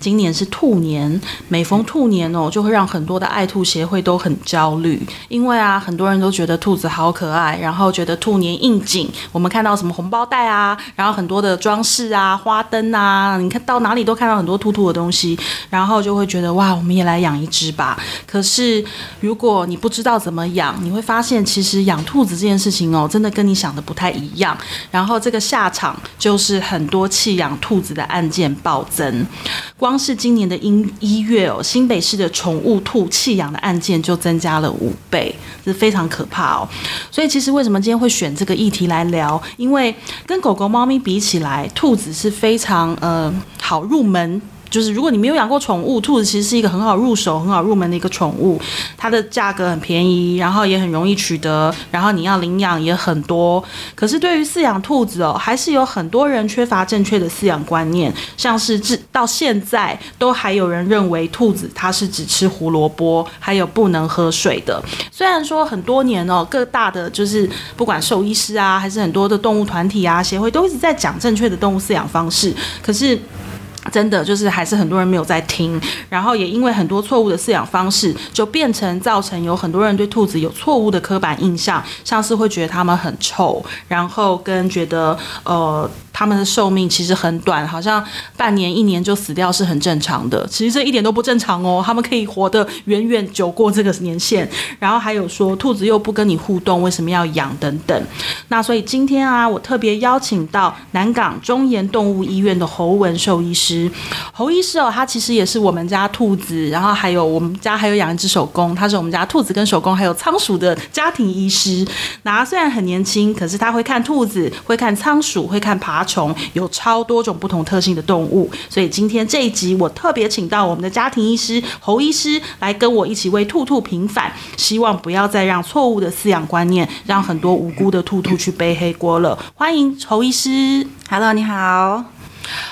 今年是兔年，每逢兔年哦，就會讓很多的愛兔協會都很焦慮，因為啊，很多人都覺得兔子好可愛，然後覺得兔年應景。我們看到什麼紅包袋啊，然後很多的裝飾啊、花燈啊，你看到哪裡都看到很多兔兔的東西，然後就會覺得哇，我們也來養一隻吧。可是如果你不知道怎麼養，你會發現其實養兔子這件事情哦，真的跟你想的不太一樣。然後這個下場就是很多棄養兔子的案件暴增，光是今年的一一月哦，新北市的寵物兔棄養的案件就增加了五倍，這是非常可怕哦。所以其實為什麼今天會選這個議題來聊？因為跟狗狗、貓咪比起來，兔子是非常呃好入門。就是如果你沒有養過寵物，兔子其實是一個很好入手、很好入門的一個寵物，它的價格很便宜，然後也很容易取得，然後你要領養也很多。可是對於飼養兔子哦，還是有很多人缺乏正確的飼養觀念，像是直到現在都還有人認為兔子它是只吃胡蘿蔔，還有不能喝水的。雖然說很多年哦，各大的就是不管獸醫師啊，還是很多的動物團體啊協會，都一直在講正確的動物飼養方式，可是。真的就是還是很多人沒有在聽，然後也因為很多錯誤的飼養方式，就變成造成有很多人對兔子有錯誤的刻板印象，像是會覺得它們很臭，然後跟覺得呃。他們的壽命其實很短，好像半年一年就死掉是很正常的。其實這一點都不正常哦，他們可以活得遠遠久過這個年限。然後還有說兔子又不跟你互動，為什麼要養等等？那所以今天啊，我特別邀請到南港中研動物醫院的侯彣獸醫師。侯醫師哦，他其實也是我們家兔子，然後還有我們家還有養一隻守宮，他是我們家兔子跟守宮還有倉鼠的家庭醫師。那他雖然很年輕，可是他會看兔子，會看倉鼠，會看爬蟲。蟲有超多種不同特性的動物，所以今天這一集我特別請到我們的家庭醫師侯醫師來跟我一起為兔兔平反，希望不要再讓錯誤的飼養觀念讓很多無辜的兔兔去背黑鍋了。歡迎侯醫師，Hello，你好。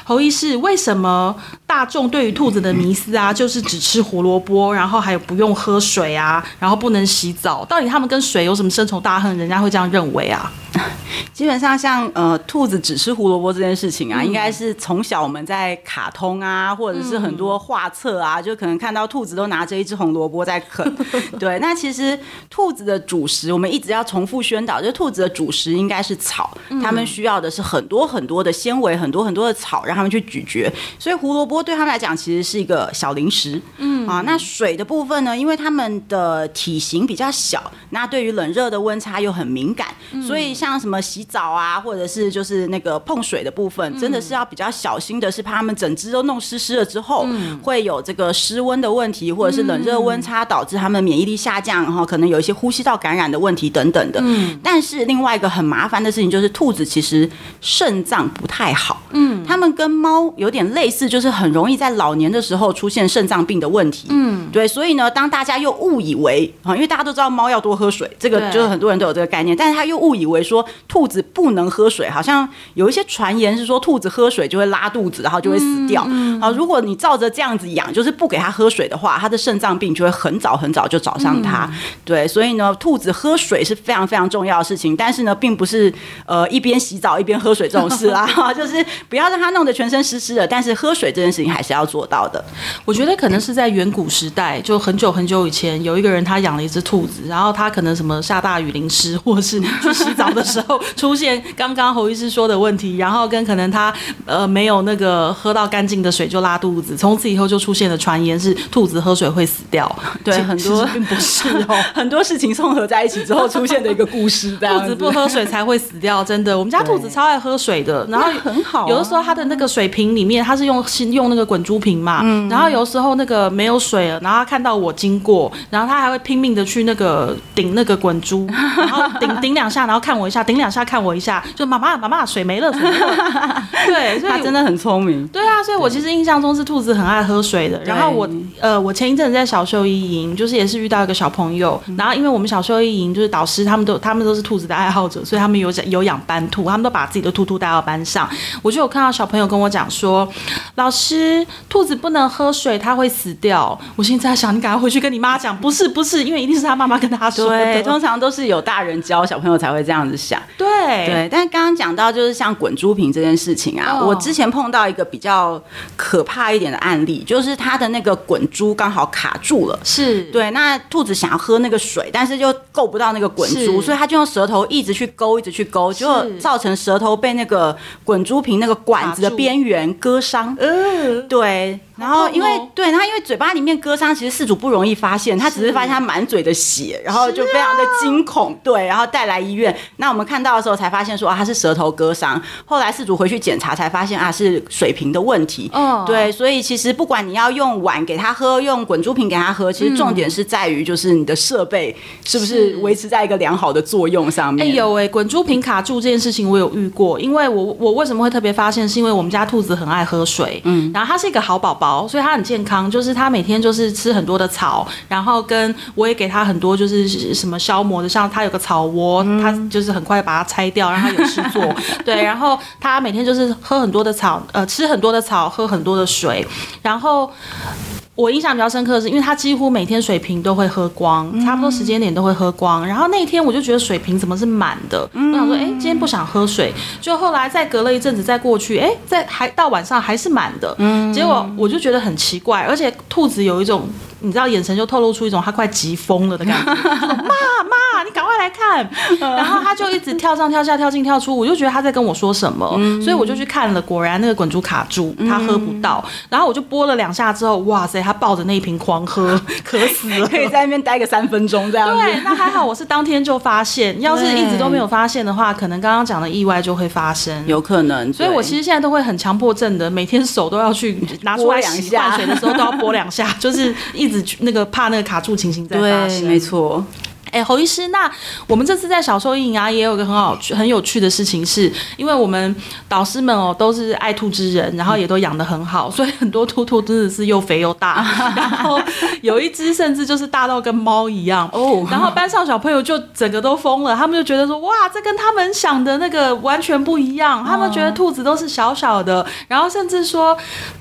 侯醫師，為什麼大眾對於兔子的迷思啊，就是只吃胡蘿蔔，然後還有不用喝水啊，然後不能洗澡，到底他們跟水有什麼深仇大恨？人家會這樣認為啊？基本上像呃兔子只吃胡蘿蔔這件事情啊，嗯、應該是從小我們在卡通啊，或者是很多畫冊啊，嗯、就可能看到兔子都拿着一隻紅蘿蔔在啃。 對，那其實兔子的主食，我們一直要重複宣導，就是、兔子的主食應該是草，它們需要的是很多很多的纖維，很多很多的草。好，讓他們去咀嚼，所以胡蘿蔔對他們來講其實是一個小零食。嗯啊，那水的部分呢？因為他們的體型比較小，那對於冷熱的溫差又很敏感，嗯、所以像什麼洗澡啊，或者是就是那個碰水的部分，嗯、真的是要比較小心的，是怕他們整隻都弄濕濕了之後，嗯、會有這個失溫的問題，或者是冷熱溫差導致他們免疫力下降，然後可能有一些呼吸道感染的問題等等的。嗯、但是另外一個很麻煩的事情就是，兔子其實腎臟不太好。嗯。他們跟貓有點類似，就是很容易在老年的時候出現腎臟病的問題。嗯，對，所以呢，當大家又誤以為啊，因為大家都知道貓要多喝水，這個就是很多人都有這個概念，對但是他又誤以為說兔子不能喝水，好像有一些傳言是說兔子喝水就會拉肚子，然後就會死掉。啊、嗯，如果你照着這樣子養，就是不給它喝水的話，它的腎臟病就會很早很早就找上它。嗯、對，所以呢，兔子喝水是非常非常重要的事情，但是呢，並不是呃一邊洗澡一邊喝水這種事啦， 就是不要。他弄得全身濕濕的，但是喝水這件事情還是要做到的。我覺得可能是在遠古時代，就很久很久以前，有一個人他養了一隻兔子，然後他可能什麼下大雨淋濕，或是你去洗澡的時候出現剛剛侯醫師說的問題，然後跟可能他呃沒有那個喝到乾淨的水就拉肚子，從此以後就出現了傳言是兔子喝水會死掉。對，很多並不是哦，很多事情綜合在一起之後出現的一個故事。 兔子不喝水才會死掉，真的。我們家兔子超愛喝水的，然後很好，有的時候。他的那個水瓶裡面，他是用用那個滾珠瓶嘛，嗯、然後有時候那個沒有水了，然後他看到我經過，然後他還會拼命的去那個頂那個滾珠，然後頂頂兩下，然後看我一下，頂兩下看我一下，就媽媽媽媽水沒了，水沒了。對，他真的很聰明。對啊，所以我其實印象中是兔子很愛喝水的。然後我呃，我前一陣在小獸醫營，就是也是遇到一個小朋友，然後因為我們小獸醫營就是導師他們都他們都是兔子的愛好者，所以他們有有養斑兔，他們都把自己的兔兔帶到班上，我就有看到。小朋友跟我講說，老師，兔子不能喝水，它會死掉。我現在想，你趕快回去跟你媽講，不是不是，因為一定是他媽媽跟他說。 對，通常都是有大人教小朋友才會這樣子想。對對，但是剛剛講到就是像滾珠瓶這件事情啊，哦、我之前碰到一個比較可怕一點的案例，就是他的那個滾珠剛好卡住了，是對。那兔子想要喝那個水，但是就夠不到那個滾珠，是所以他就用舌頭一直去勾，一直去勾，就造成舌頭被那個滾珠瓶那個管。爪子的邊緣割傷。嗯，對。然後因為、哦、對，然後因為嘴巴裡面割傷，其實飼主不容易發現，是他只是發現他滿嘴的血，然後就非常的驚恐，啊、對，然後帶來醫院。那我們看到的時候才發現說、啊、他是舌頭割傷，後來飼主回去檢查才發現啊是水瓶的問題，哦、對，所以其實不管你要用碗給他喝，用滾珠瓶給他喝，其實重點是在於就是你的設備是不是維持在一個良好的作用上面。哎呦喂，滾珠瓶卡住這件事情我有遇過，因為我我為什麼會特別發現，是因為我們家兔子很愛喝水，嗯，然後它是一個好寶寶。所以他很健康，就是他每天就是吃很多的草，然後跟我也給他很多就是什麼消磨的，像他有個草窩，他就是很快把它拆掉，讓他有事做， 對，然後他每天就是喝很多的草，呃，吃很多的草，喝很多的水，然後。我印象比較深刻的是，因為他幾乎每天水瓶都會喝光，差不多時間點都會喝光。然後那一天我就覺得水瓶怎麼是滿的？嗯、我想說，哎、欸，今天不想喝水。就後來再隔了一陣子再過去，哎、欸，再還到晚上還是滿的。嗯，結果我就覺得很奇怪，而且兔子有一種。你知道眼神就透露出一種他快急瘋了的感覺，媽媽，你趕快來看。然後他就一直跳上跳下，跳進跳出，我就覺得他在跟我說什麼，嗯、所以我就去看了，果然那個滾珠卡住，嗯、他喝不到。然後我就撥了兩下之後，哇塞，他抱着那一瓶狂喝，渴死了，可以在那邊待個三分鐘這樣對，那還好我是當天就發現，要是一直都沒有發現的話，可能剛剛講的意外就會發生，有可能。所以我其實現在都會很強迫症的，每天手都要去下拿出來洗，換水的時候都要撥兩下， 就是一。那個怕那個卡住情形在發生，對，沒錯。哎，欸、侯醫師，那我們這次在小獸營啊，也有個很好，很有趣的事情是，是因為我們導師們哦，喔、都是愛兔之人，然後也都養得很好，所以很多兔兔真的是又肥又大， 然後有一隻甚至就是大到跟貓一樣哦。 然後班上小朋友就整個都瘋了，他們就覺得說，哇，這跟他們想的那個完全不一樣。他們覺得兔子都是小小的，然後甚至說，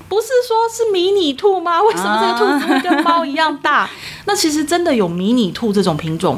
不是說是迷你兔嗎？為什麼這個兔子會跟貓一樣大？ 那其實真的有迷你兔這種品種嗎？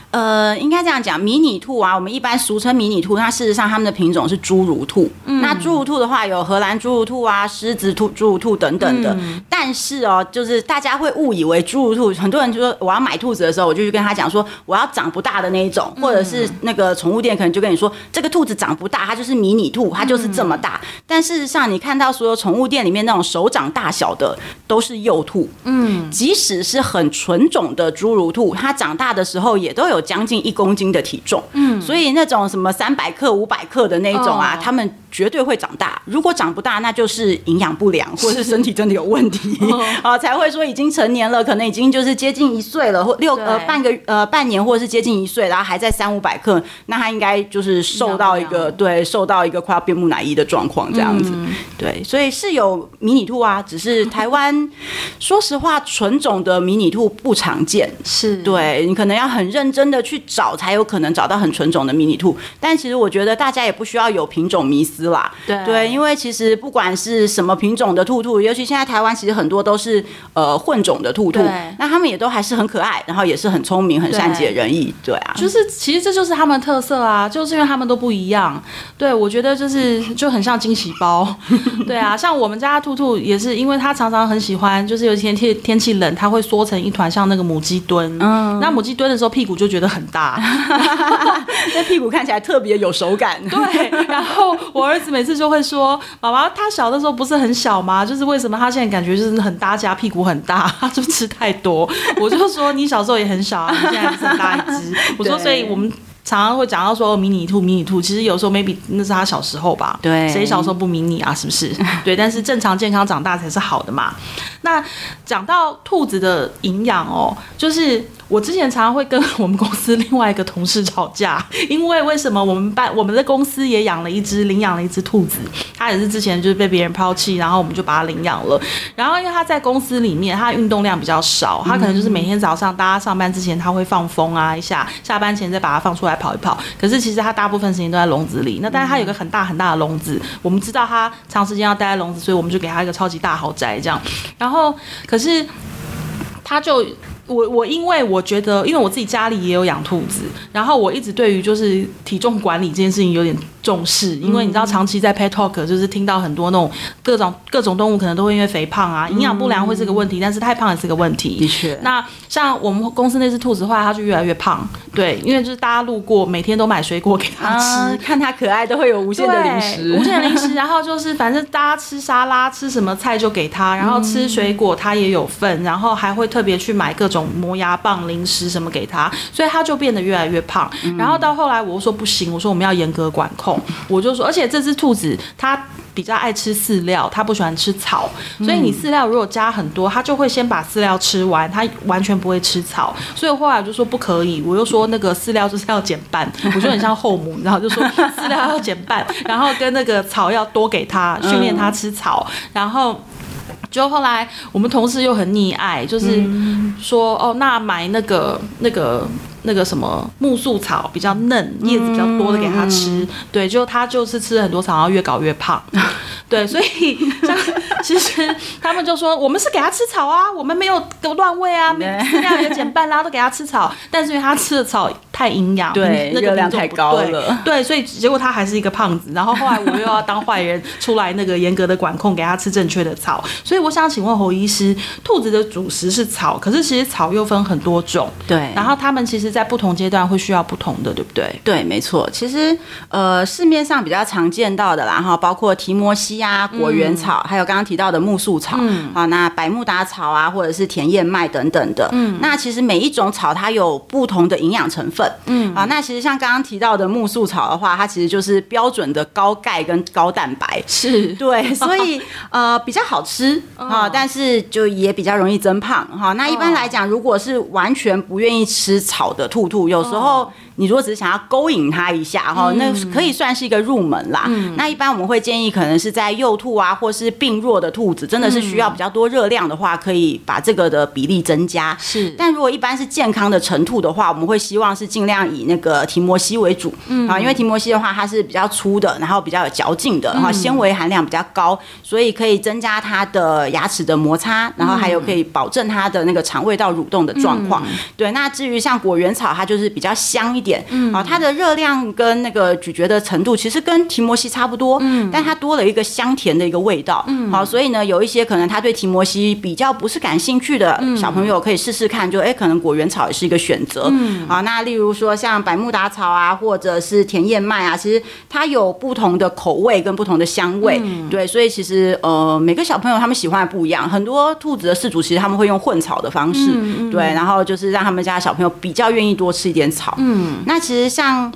呃，應該這樣講，迷你兔啊，我們一般俗稱迷你兔。那事實上，它們的品種是侏儒兔。嗯、那侏儒兔的話，有荷蘭侏儒兔啊、獅子兔、侏儒兔等等的。嗯、但是哦，就是大家會誤以為侏儒兔，很多人就說我要買兔子的時候，我就去跟他講說我要長不大的那一種，嗯、或者是那個寵物店可能就跟你說這個兔子長不大，它就是迷你兔，它就是這麼大。嗯、但事實上，你看到所有寵物店裡面那種手掌大小的都是幼兔。嗯，即使是很純種的侏儒兔，它長大的時候也都有。將近一公斤的體重，嗯，所以那種什麼三百克、五百克的那種啊，哦、他們絕對會長大。如果長不大，那就是營養不良，或是身體真的有問題是啊，才會說已經成年了，可能已經就是接近一歲了，或六對呃半個呃半年，或是接近一歲，然後還在三五百克，那他應該就是瘦到一個，對，瘦到一個快要變木乃伊的狀況這樣子。嗯嗯對，所以是有迷你兔啊，只是台灣 說實話，純種的迷你兔不常見，是對，你可能要很認真的去找才有可能找到很純種的迷你兔，但其實我覺得大家也不需要有品種迷思啦。對，對，因為其實不管是什麼品種的兔兔，尤其現在台灣其實很多都是呃混種的兔兔，對那他們也都還是很可愛，然後也是很聰明、很善解人意。對，對啊，就是其實這就是它們的特色啊，就是因為他們都不一樣。對，我覺得就是就很像驚喜包。 對啊，像我們家兔兔也是，因為它常常很喜歡，就是有一天天天氣冷，它會縮成一團，像那個母雞蹲。嗯，那母雞蹲的時候屁股就覺得。很大，那 屁股看起來特別有手感。 對，然後我兒子每次就會說：“爸爸，他小的時候不是很小嗎？就是為什麼他現在感覺就是很大加，加屁股很大？”他就吃太多。” 我就說：“你小時候也很小啊，你現在很大一隻。” 對，我說：“所以我們常常會講到說迷你兔，迷你兔其實有時候 maybe 那是他小時候吧？對，誰小時候不迷你啊？是不是？對，但是正常健康長大才是好的嘛。那講到兔子的營養哦，就是。”我之前常常會跟我們公司另外一個同事吵架，因為為什麼我們辦我們的公司也養了一隻，領養了一隻兔子，他也是之前就是被別人拋棄，然後我們就把它領養了。然後因為他在公司裡面，他的運動量比較少，他可能就是每天早上大家上班之前，他會放風啊一下，下班前再把它放出來跑一跑。可是其實他大部分時間都在籠子裡。那但是他有個很大很大的籠子，我們知道他長時間要待在籠子，所以我們就給他一個超級大豪宅這樣。然後可是他就。我我因為我覺得，因為我自己家裡也有養兔子，然後我一直對於就是體重管理這件事情有點重視，因為你知道，長期在 Pet Talk 就是聽到很多那種各種各種動物可能都會因為肥胖啊、營養不良會是個問題，但是太胖也是個問題。的確確，那像我們公司那隻兔子的話，它就越來越胖，對，因為就是大家路過每天都買水果給它吃，啊、看它可愛都會有無限的零食，無限的零食， 然後就是反正大家吃沙拉吃什麼菜就給它，然後吃水果它也有份，然後還會特別去買各種。磨牙棒、零食什麼給他，所以他就變得越來越胖。然後到後來，我就說不行，我說我們要嚴格管控。我就說，而且這只兔子它比較愛吃飼料，它不喜歡吃草，所以你飼料如果加很多，它就會先把飼料吃完，它完全不會吃草。所以後來我就說不可以，我又說那個飼料就是要減半， 我覺得很像後母，然後就說飼料要減半，然後跟那個草要多給它訓練它吃草，嗯、然後。就後來，我們同事又很溺愛，就是說，嗯、哦，那買那個那個。那個什麼苜蓿草，比較嫩，葉子比較多的給它吃，嗯、對，就它就是吃了很多草，然後越搞越胖，嗯、對，所以其實他們就說我們是給它吃草啊，我們沒有亂餵啊，飼料、嗯、有減半啦，都給它吃草，但是因為它吃的草太營養，對，熱量太高了，對，所以結果它還是一個胖子。然後後來我又要當壞人出來那個嚴格的管控，給它吃正確的草。所以我想請問侯醫師，兔子的主食是草，可是其實草又分很多種，對，然後他們其實。在不同階段會需要不同的，對不對？對，沒錯。其實，呃，市面上比較常見到的啦，哈，包括提摩西呀、啊、果園草，嗯、還有剛剛提到的苜蓿草，啊、嗯哦，那百慕達草啊，或者是甜燕麥等等的。嗯，那其實每一種草它有不同的營養成分。嗯，啊、哦，那其實像剛剛提到的苜蓿草的話，它其實就是標準的高鈣跟高蛋白，是對， 所以呃，比較好吃啊，哦哦、但是就也比較容易增胖哈、哦。那一般來講，哦、如果是完全不願意吃草的。兔兔有時候，哦、你如果只是想要勾引它一下哈，嗯、那可以算是一個入門啦。嗯、那一般我們會建議，可能是在幼兔啊，或是病弱的兔子，真的是需要比較多熱量的話，可以把這個的比例增加。是，但如果一般是健康的成兔的話，我們會希望是盡量以那個提摩西為主啊，嗯、因為提摩西的話它是比較粗的，然後比較有嚼勁的，然後纖維含量比較高，所以可以增加它的牙齒的摩擦，然後還有可以保證它的那個腸胃道蠕動的狀況。嗯、對，那至於像果園。草它就是比較香一點，啊、嗯，它的熱量跟那個咀嚼的程度其實跟提摩西差不多，嗯，但它多了一個香甜的一個味道，嗯，好，所以呢，有一些可能他對提摩西比較不是感興趣的小朋友，可以試試看就，就、欸、哎，可能果園草也是一個選擇，嗯，啊，那例如說像百慕達草啊，或者是甜燕麥啊，其實它有不同的口味跟不同的香味，嗯、對，所以其實呃，每個小朋友他們喜歡的不一樣，很多兔子的飼主其實他們會用混草的方式，嗯嗯、對，然後就是讓他們家的小朋友比較願。願意多吃一點草。嗯，那其實像，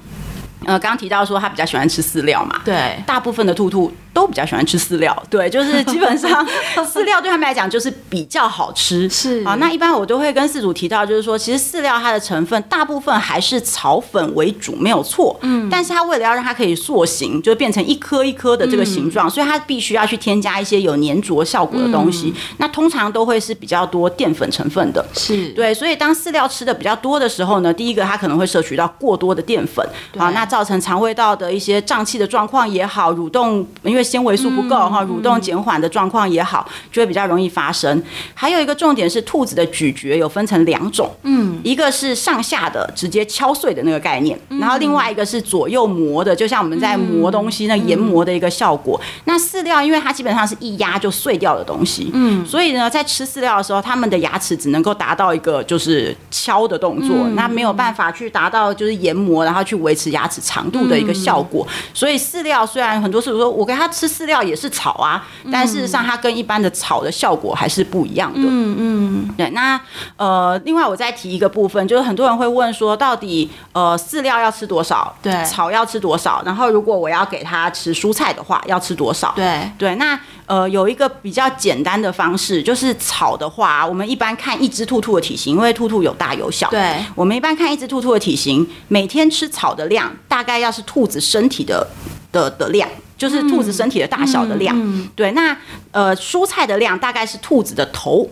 呃，剛剛提到說他比較喜歡吃飼料嘛。對，大部分的兔兔。都比較喜歡吃飼料，對，就是基本上飼料對他們來講就是比較好吃， 是啊。那一般我都會跟飼主提到，就是說其實飼料它的成分大部分還是草粉為主，沒有錯，嗯。但是它為了要讓它可以塑形，就變成一顆一顆的這個形狀，嗯、所以它必須要去添加一些有粘着效果的東西。嗯、那通常都會是比較多澱粉成分的，是對。所以當飼料吃的比較多的時候呢，第一個它可能會攝取到過多的澱粉對啊，那造成腸胃道的一些脹氣的狀況也好，蠕動因為。纖維素不夠哈，蠕動減緩的狀況也好，就會比較容易發生。還有一個重點是，兔子的咀嚼有分成兩種，嗯，一個是上下的直接敲碎的那個概念，嗯、然後另外一個是左右磨的，就像我們在磨東西那研磨的一個效果。嗯嗯、那飼料因為它基本上是一壓就碎掉的東西，嗯，所以呢，在吃飼料的時候，它們的牙齒只能夠達到一個就是敲的動作，嗯、那沒有辦法去達到就是研磨，然後去維持牙齒長度的一個效果。嗯、所以飼料雖然很多，是我說我給它。吃飼料也是草啊，但事實上它跟一般的草的效果還是不一樣的。嗯嗯，對。那呃，另外我再提一個部分，就是很多人會問說，到底呃飼料要吃多少？對，草要吃多少？然後如果我要給它吃蔬菜的話，要吃多少？對對。那呃，有一個比較簡單的方式，就是草的話，我們一般看一隻兔兔的體型，因為兔兔有大有小。對，我們一般看一隻兔兔的體型，每天吃草的量大概要是兔子身體的的的量。就是兔子身體的大小的量，嗯嗯、對，那呃蔬菜的量大概是兔子的頭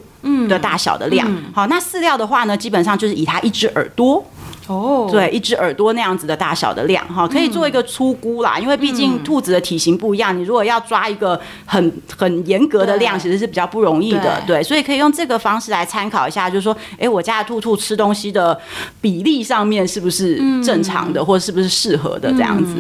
的大小的量，嗯嗯、好，那飼料的話呢，基本上就是以它一只耳朵。哦，oh, 對，一隻耳朵那樣子的大小的量哈，嗯、可以做一個粗估啦。因為畢竟兔子的體型不一樣，嗯、你如果要抓一個很很嚴格的量，對其實是比較不容易的。對，對，所以可以用這個方式來參考一下，就是說，哎、欸，我家的兔兔吃東西的比例上面是不是正常的，嗯、或者是不是適合的這樣子？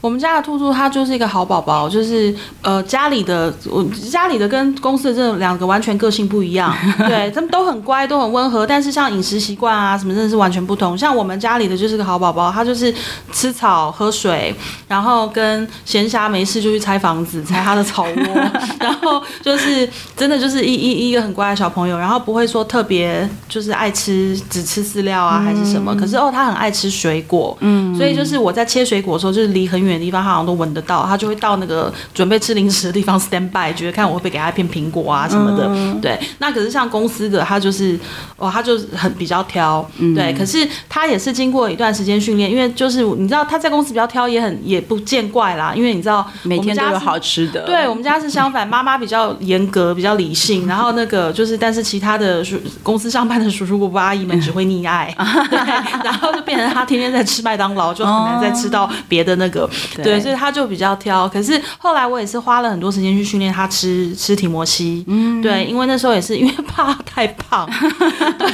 我們家的兔兔它就是一個好寶寶，就是呃，家裡的我家裡的跟公司的這兩個完全個性不一樣。 對，他們都很乖，都很溫和，但是像飲食習慣啊什麼，真的是完全不同。像我們家裡的就是個好寶寶，他就是吃草喝水，然後跟閒暇沒事就去拆房子、拆他的草窩， 然後就是真的就是一一一個很乖的小朋友，然後不會說特別就是愛吃只吃飼料啊還是什麼，嗯、可是哦，他很愛吃水果，嗯，所以就是我在切水果的時候，就是離很遠的地方，他好像都聞得到，他就會到那個準備吃零食的地方 stand by，覺得看我會不會給他一片蘋果啊什麼的，嗯、對。那可是像公司的他就是哦，他就很比較挑，嗯、對，可是他。他也是經過一段時間訓練，因為就是你知道他在公司比較挑，也很也不見怪啦。因為你知道我們家每天都有好吃的，對我們家是相反，媽媽比較嚴格，比較理性。然後那個就是，但是其他的公司上班的叔叔伯伯阿姨們只會溺愛、嗯對，然後就變成他天天在吃麥當勞，就很難再吃到別的那個。哦、對，所以他就比較挑。可是後來我也是花了很多時間去訓練他吃吃提摩西。嗯，對，因為那時候也是因為怕太胖。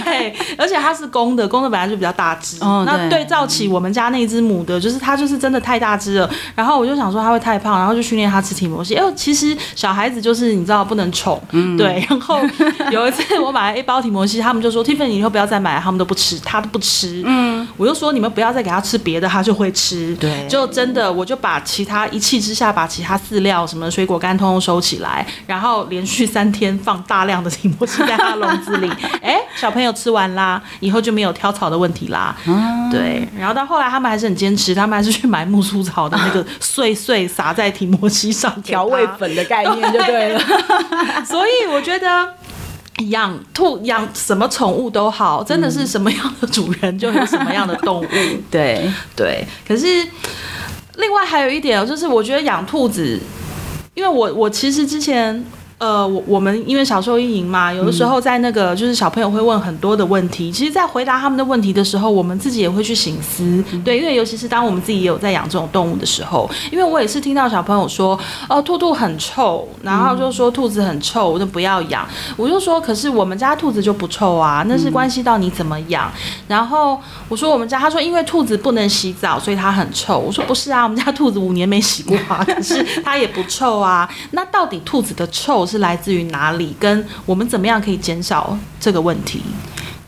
對， 而且他是公的，公的本來就比較大。哦，對，那對照起我們家那隻母的，就是它就是真的太大隻了。然後我就想說它會太胖，然後就訓練它吃提摩西、欸。其實小孩子就是你知道不能寵，嗯、對。然後有一次我買了一包提摩西，他們就說 Tiffany 以後不要再買，他們都不吃，他都不吃。嗯，我就說你們不要再給他吃別的，他就會吃。對，就真的，我就把其他一氣之下把其他飼料什麼水果乾通通收起來，然後連續三天放大量的提摩西在它籠子裡。哎、 欸。小朋友吃完啦，以後就沒有挑草的問題啦。啊、對，然後到後來他們還是很堅持，他們還是去買苜蓿草的那個碎碎撒在提摩西上，調味粉的概念就對了。對 所以我覺得養兔養什麼寵物都好，真的是什麼樣的主人就有什麼樣的動物。嗯、對對，可是另外還有一點就是我覺得養兔子，因為我我其實之前。呃，我我們因為小時候運營嘛，有的時候在那個就是小朋友會問很多的問題，嗯、其實，在回答他們的問題的時候，我們自己也會去省思，嗯、對，因為尤其是當我們自己也有在養這種動物的時候，因為我也是聽到小朋友說，呃，兔兔很臭，然後就說兔子很臭，我就不要養。嗯、我就說，可是我們家兔子就不臭啊，那是關係到你怎麼養。嗯、然後我說我們家，他說因為兔子不能洗澡，所以它很臭。我說不是啊，我們家兔子五年沒洗過，啊，可是它也不臭啊。 那到底兔子的臭？是來自於哪裡？跟我們怎麼樣可以減少這個問題。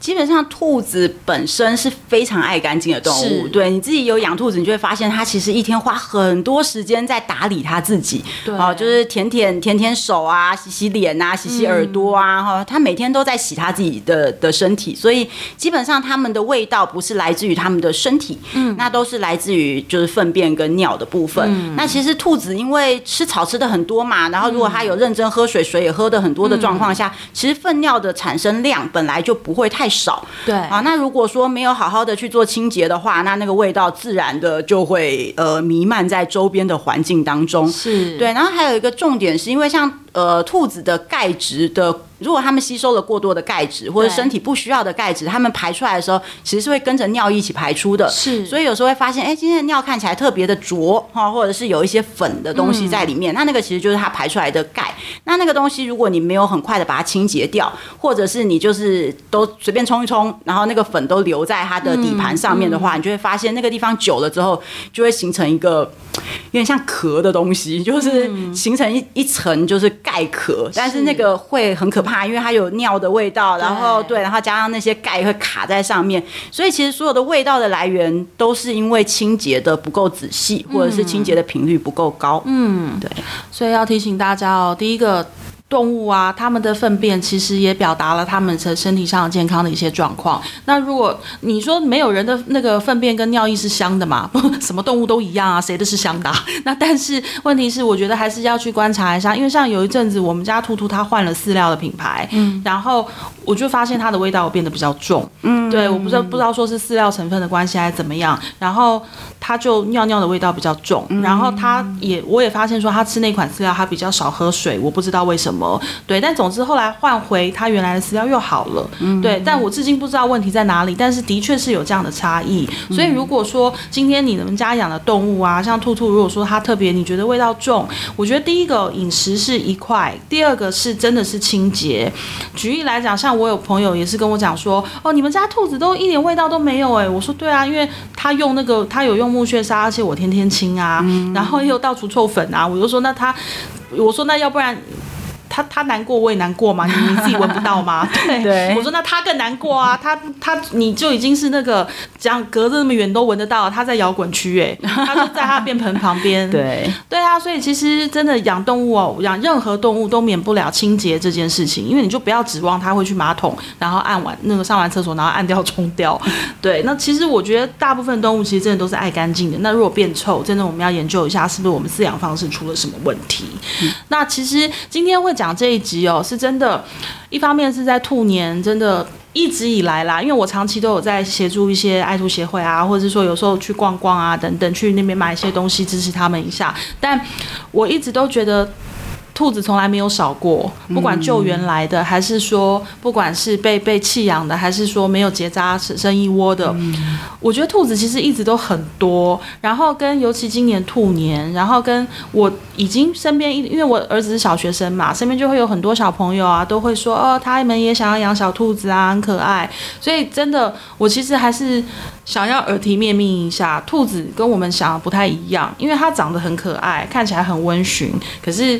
基本上，兔子本身是非常愛乾淨的動物。是對，你自己有養兔子，你就會發現它其實一天花很多時間在打理它自己。對。啊、哦，就是舔舔舔舔手啊，洗洗臉啊，洗洗耳朵啊，哈、嗯，它每天都在洗它自己的的身體。所以，基本上它們的味道不是來自於它們的身體，嗯，那都是來自於就是糞便跟尿的部分。嗯、那其實兔子因為吃草吃的很多嘛，然後如果它有認真喝水，水也喝的很多的狀況下，嗯、其實糞尿的產生量本來就不會太。少。對啊，那如果說沒有好好的去做清潔的話，那那個味道自然的就會呃彌漫在周邊的環境當中。是對，然後還有一個重點是因為像呃兔子的鈣質的。如果他們吸收了過多的鈣質，或者身體不需要的鈣質，對，他們排出來的時候，其實是會跟着尿一起排出的。是，所以有時候會發現，哎、欸，今天的尿看起來特別的濁，哈，或者是有一些粉的東西在裡面。嗯、那那個其實就是它排出來的鈣。那那個東西，如果你沒有很快的把它清潔掉，或者是你就是都隨便沖一沖，然後那個粉都留在它的底盤上面的話，嗯、你就會發現那個地方久了之後，就會形成一個有點像殼的東西，就是形成一一層就是鈣殼。嗯、但是那個會很可怕。因為它有尿的味道，然後對，然後加上那些鈣會卡在上面，所以其實所有的味道的來源都是因為清潔的不夠仔細，或者是清潔的頻率不夠高。嗯，對，所以要提醒大家哦，第一個。動物啊，它們的糞便其實也表達了它們的身體上健康的一些狀況。那如果你說沒有人的那個糞便跟尿液是香的嘛？什麼動物都一樣啊，誰都是香的啊。那但是問題是，我覺得還是要去觀察一下，因為像有一陣子我們家兔兔它換了飼料的品牌，嗯，然後我就發現它的味道我變得比較重，嗯。對，我不知道不知道說是飼料成分的關係還是怎麼樣，然後他就尿尿的味道比較重，然後他也我也發現說他吃那款飼料他比較少喝水，我不知道為什麼。對，但總之後來換回他原來的飼料又好了。對，但我至今不知道問題在哪裡，但是的確是有這樣的差異。所以如果說今天你們家養的動物啊，像兔兔，如果說它特別你覺得味道重，我覺得第一個飲食是一塊，第二個是真的是清潔。舉例來講，像我有朋友也是跟我講說，哦，你們家兔。兔子都一點味道都沒有哎、欸，我說對啊，因為他用那個他有用木屑砂，而且我天天清啊，嗯、然後又倒除臭粉啊，我就說那他，我說那要不然。他他難過，我也難過嘛，你你自己聞不到嗎？對，對我說那他更難過啊，他他你就已經是那個，這樣隔着那麼遠都聞得到了，他在搖滾區哎，他就在他便盆旁邊，對對啊，所以其實真的養動物哦、啊，養任何動物都免不了清潔這件事情，因為你就不要指望他會去馬桶，然後按完那個上完廁所，然後按掉沖掉，對，那其實我覺得大部分動物其實真的都是愛乾淨的，那如果變臭，真的我們要研究一下是不是我們飼養方式出了什麼問題。嗯、那其實今天會。講這一集哦，是真的，一方面是在兔年，真的一直以來啦，因為我長期都有在協助一些愛兔協會啊，或者是說有時候去逛逛啊，等等去那邊買一些東西支持他們一下，但我一直都覺得。兔子從來沒有少過，不管救援來的，嗯、還是說不管是被被棄養的，還是說沒有結紮生生一窩的，嗯、我覺得兔子其實一直都很多。然後跟尤其今年兔年，然後跟我已經身邊，因為我兒子是小學生嘛，身邊就會有很多小朋友啊，都會說哦，他們也想要養小兔子啊，很可愛。所以真的，我其實還是想要耳提面命一下，兔子跟我們想的不太一樣，因為它長得很可愛，看起來很溫馴，可是。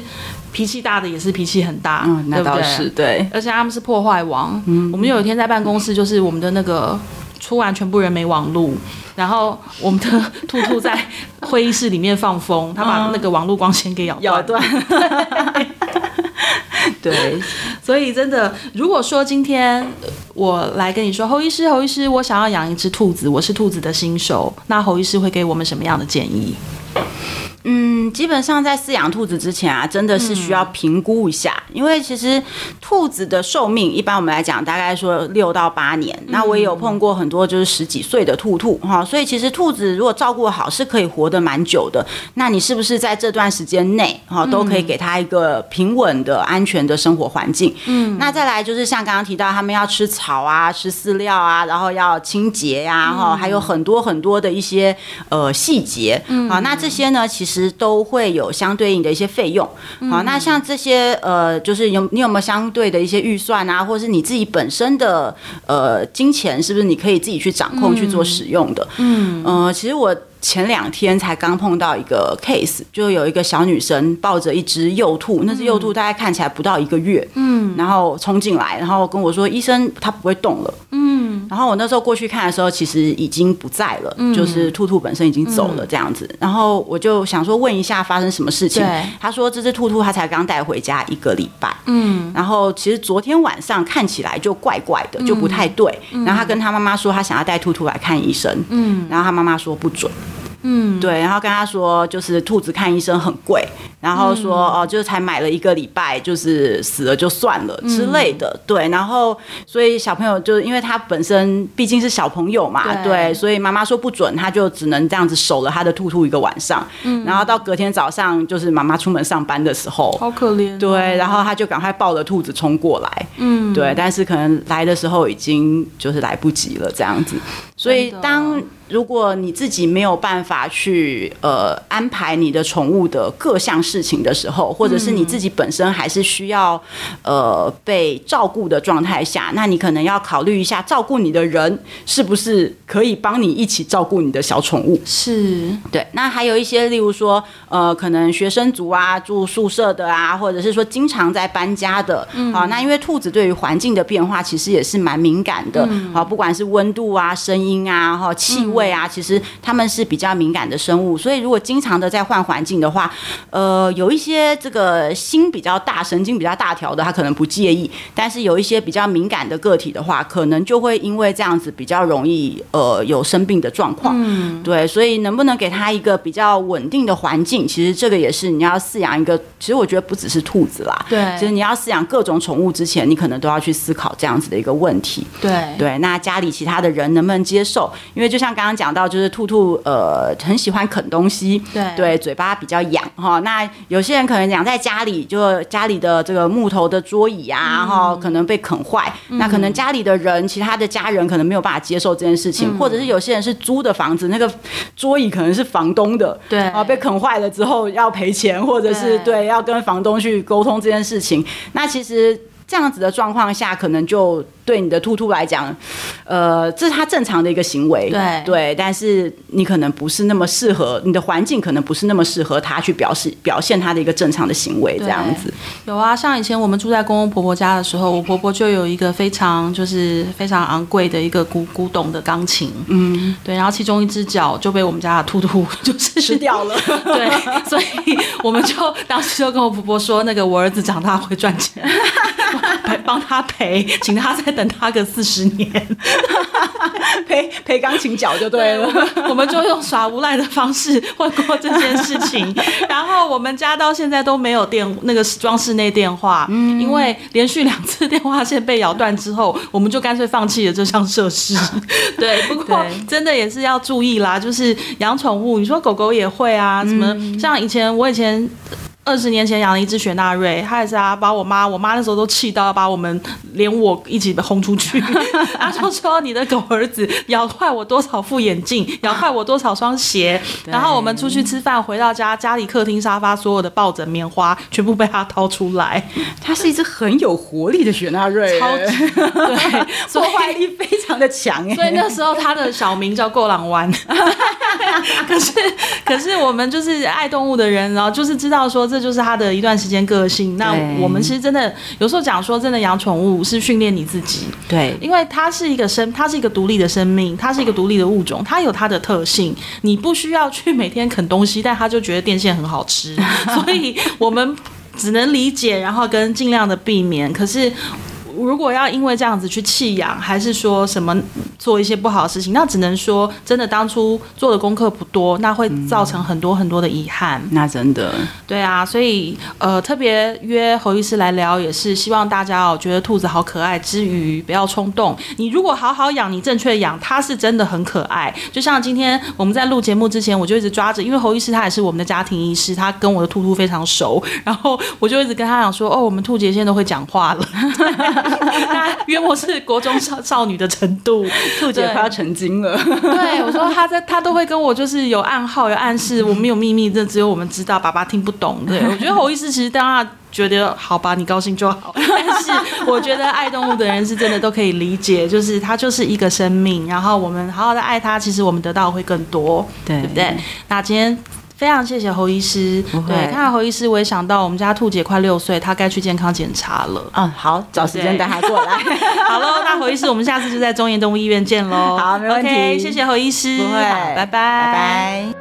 脾氣大的也是脾氣很大，對、嗯、那倒是對，不對。對，而且他們是破壞王，嗯，我們有一天在辦公室，就是我們的那個出完全部人沒網絡，然後我們的兔兔在會議室裡面放風，嗯、他把那個網絡光纖給咬斷咬斷。對， 對對，所以真的，如果說今天我來跟你說，侯醫師，侯醫師，我想要養一只兔子，我是兔子的新手，那侯醫師會給我們什麼樣的建議？嗯，基本上在飼養兔子之前啊，真的是需要評估一下，嗯、因為其實兔子的壽命，一般我們來講大概說六到八年。嗯、那我也有碰過很多就是十幾歲的兔兔哈、哦，所以其實兔子如果照顧好是可以活得蠻久的。那你是不是在這段時間內哈、哦、都可以給它一個平穩的、嗯、安全的生活環境？嗯，那再來就是像剛剛提到，他們要吃草啊，吃飼料啊，然後要清潔呀、啊、哈，還有很多很多的一些呃細節好、嗯嗯哦，那這些呢其實，其實都會有相對應的一些費用。嗯、好，那像這些呃，就是有你有沒有相對的一些預算啊，或者是你自己本身的呃金錢，是不是你可以自己去掌控、嗯、去做使用的？嗯呃，其實我前兩天才剛碰到一個 case，就有一個小女生抱着一只幼兔，那只幼兔大概看起來不到一個月，嗯，然後衝進來，然後跟我說醫生它不會動了，嗯。然後我那時候過去看的時候，其實已經不在了，嗯、就是兔兔本身已經走了這樣子。嗯、然後我就想說問一下發生什麼事情，他對說這只兔兔他才剛帶回家一個禮拜，嗯，然後其實昨天晚上看起來就怪怪的，就不太對。嗯、然後他跟他媽媽說他想要帶兔兔來看醫生，嗯，然後他媽媽說不准。嗯，對，然後跟他說，就是兔子看醫生很貴，然後說，嗯、哦，就是才買了一個禮拜，就是死了就算了之類的。嗯、對，然後所以小朋友就因為他本身畢竟是小朋友嘛，對，對，所以媽媽說不准，他就只能這樣子守了他的兔兔一個晚上。嗯，然後到隔天早上，就是媽媽出門上班的時候，好可憐啊。對，然後他就趕快抱着兔子衝過來。嗯，對，但是可能來的時候已經就是來不及了，這樣子。所以當。如果你自己沒有辦法去呃安排你的寵物的各項事情的時候，或者是你自己本身還是需要呃被照顧的狀態下，那你可能要考慮一下照顧你的人是不是可以幫你一起照顧你的小寵物。是對。那還有一些，例如說呃可能學生族啊、住宿舍的啊，或者是說經常在搬家的，啊、嗯哦，那因為兔子對於環境的變化其實也是蠻敏感的，啊、嗯哦，不管是溫度啊、聲音啊、哈、哦、氣味、嗯。對啊，其實他們是比較敏感的生物，所以如果經常的在換環境的話，呃，有一些這個心比較大、神經比較大條的，他可能不介意；但是有一些比較敏感的個體的話，可能就會因為這樣子比較容易呃有生病的狀況。嗯，對，所以能不能給他一個比較穩定的環境，其實這個也是你要飼養一個。其實我覺得不只是兔子啦，對，其實你要飼養各種寵物之前，你可能都要去思考這樣子的一個問題。對對，那家裡其他的人能不能接受？因為就像剛剛。剛講到就是兔兔呃很喜歡啃東西，對對，嘴巴比較癢哈。那有些人可能養在家裡，就家裡的這個木頭的桌椅啊哈、嗯，可能被啃壞。嗯、那可能家裡的人，其他的家人可能沒有辦法接受這件事情，嗯、或者是有些人是租的房子，那個桌椅可能是房東的，對啊，被啃壞了之後要賠錢，或者是對要跟房東去溝通這件事情。那其實這樣子的狀況下，可能就。對你的兔兔來講，呃，這是它正常的一個行為，對對，但是你可能不是那麼適合，你的環境可能不是那麼適合它去表示表現它的一個正常的行為，對這樣子。有啊，像以前我們住在公公婆婆家的時候，我婆婆就有一個非常就是非常昂貴的一個古古董的鋼琴，嗯，對，然後其中一隻腳就被我們家的兔兔就是吃是掉了， 對，所以我們就當時就跟我婆婆說，那個我兒子長大會賺錢， 幫他賠，請他在。等他個四十年 陪，陪陪鋼琴腳就對了。我們就用耍無賴的方式混過這件事情。然後我們家到現在都沒有電那個裝室內電話，因為連續兩次電話線被咬斷之後，我們就乾脆放棄了這項設施。對，不過真的也是要注意啦，就是養寵物，你說狗狗也會啊，什麼像以前我以前。二十年前養了一隻雪納瑞，他也是啊，把我媽我媽那時候都氣到要把我們連我一起轟出去。他說：“說你的狗兒子咬壞我多少副眼鏡，咬壞我多少雙鞋。”然後我們出去吃飯，回到家家裡客廳沙發所有的抱枕棉花全部被他掏出來。他是一隻很有活力的雪納瑞欸，超級，對，所以破壞力非常的強欸。所以那時候他的小名叫“過朗灣”。可是可是我們就是愛動物的人，然後就是知道說。這就是他的一段時間個性。那我們其實真的對有時候講說，真的養寵物是訓練你自己。對，因為它是一個生，它是一個獨立的生命，它是一個獨立的物種，它有它的特性。你不需要去每天啃東西，但它就覺得電線很好吃，所以我們只能理解，然後跟儘量的避免。可是。如果要因為這樣子去棄養，還是說什麼做一些不好的事情，那只能說真的當初做的功課不多，那會造成很多很多的遺憾。嗯。那真的，對啊，所以呃，特別約侯醫師來聊，也是希望大家哦，覺得兔子好可愛之餘，至不要衝動。你如果好好養，你正確養，它是真的很可愛。就像今天我們在錄節目之前，我就一直抓着，因為侯醫師他也是我們的家庭醫師，他跟我的兔兔非常熟，然後我就一直跟他講說，哦，我們兔姐現在都會講話了。 他約莫是國中少少女的程度，兔姐快要成精了對。對，我說他在，他都會跟我就是有暗號，有暗示，我們有秘密，這只有我們知道，爸爸聽不懂。對，我覺得侯醫師其實大家覺得好吧，你高興就好。但是我覺得愛動物的人是真的都可以理解，就是他就是一個生命，然後我們好好的愛他。其實我們得到的會更多，對，對不對？那今天。非常謝謝侯醫師，會。對，看到侯醫師，我也想到我們家兔姐快六歲，她該去健康檢查了。嗯、啊，好，找時間帶她過來。對 好嘍，那侯醫師，我們下次就在中研動物醫院見嘍。好，沒問題，okay, 謝謝侯醫師，不會，拜拜，拜拜。拜拜。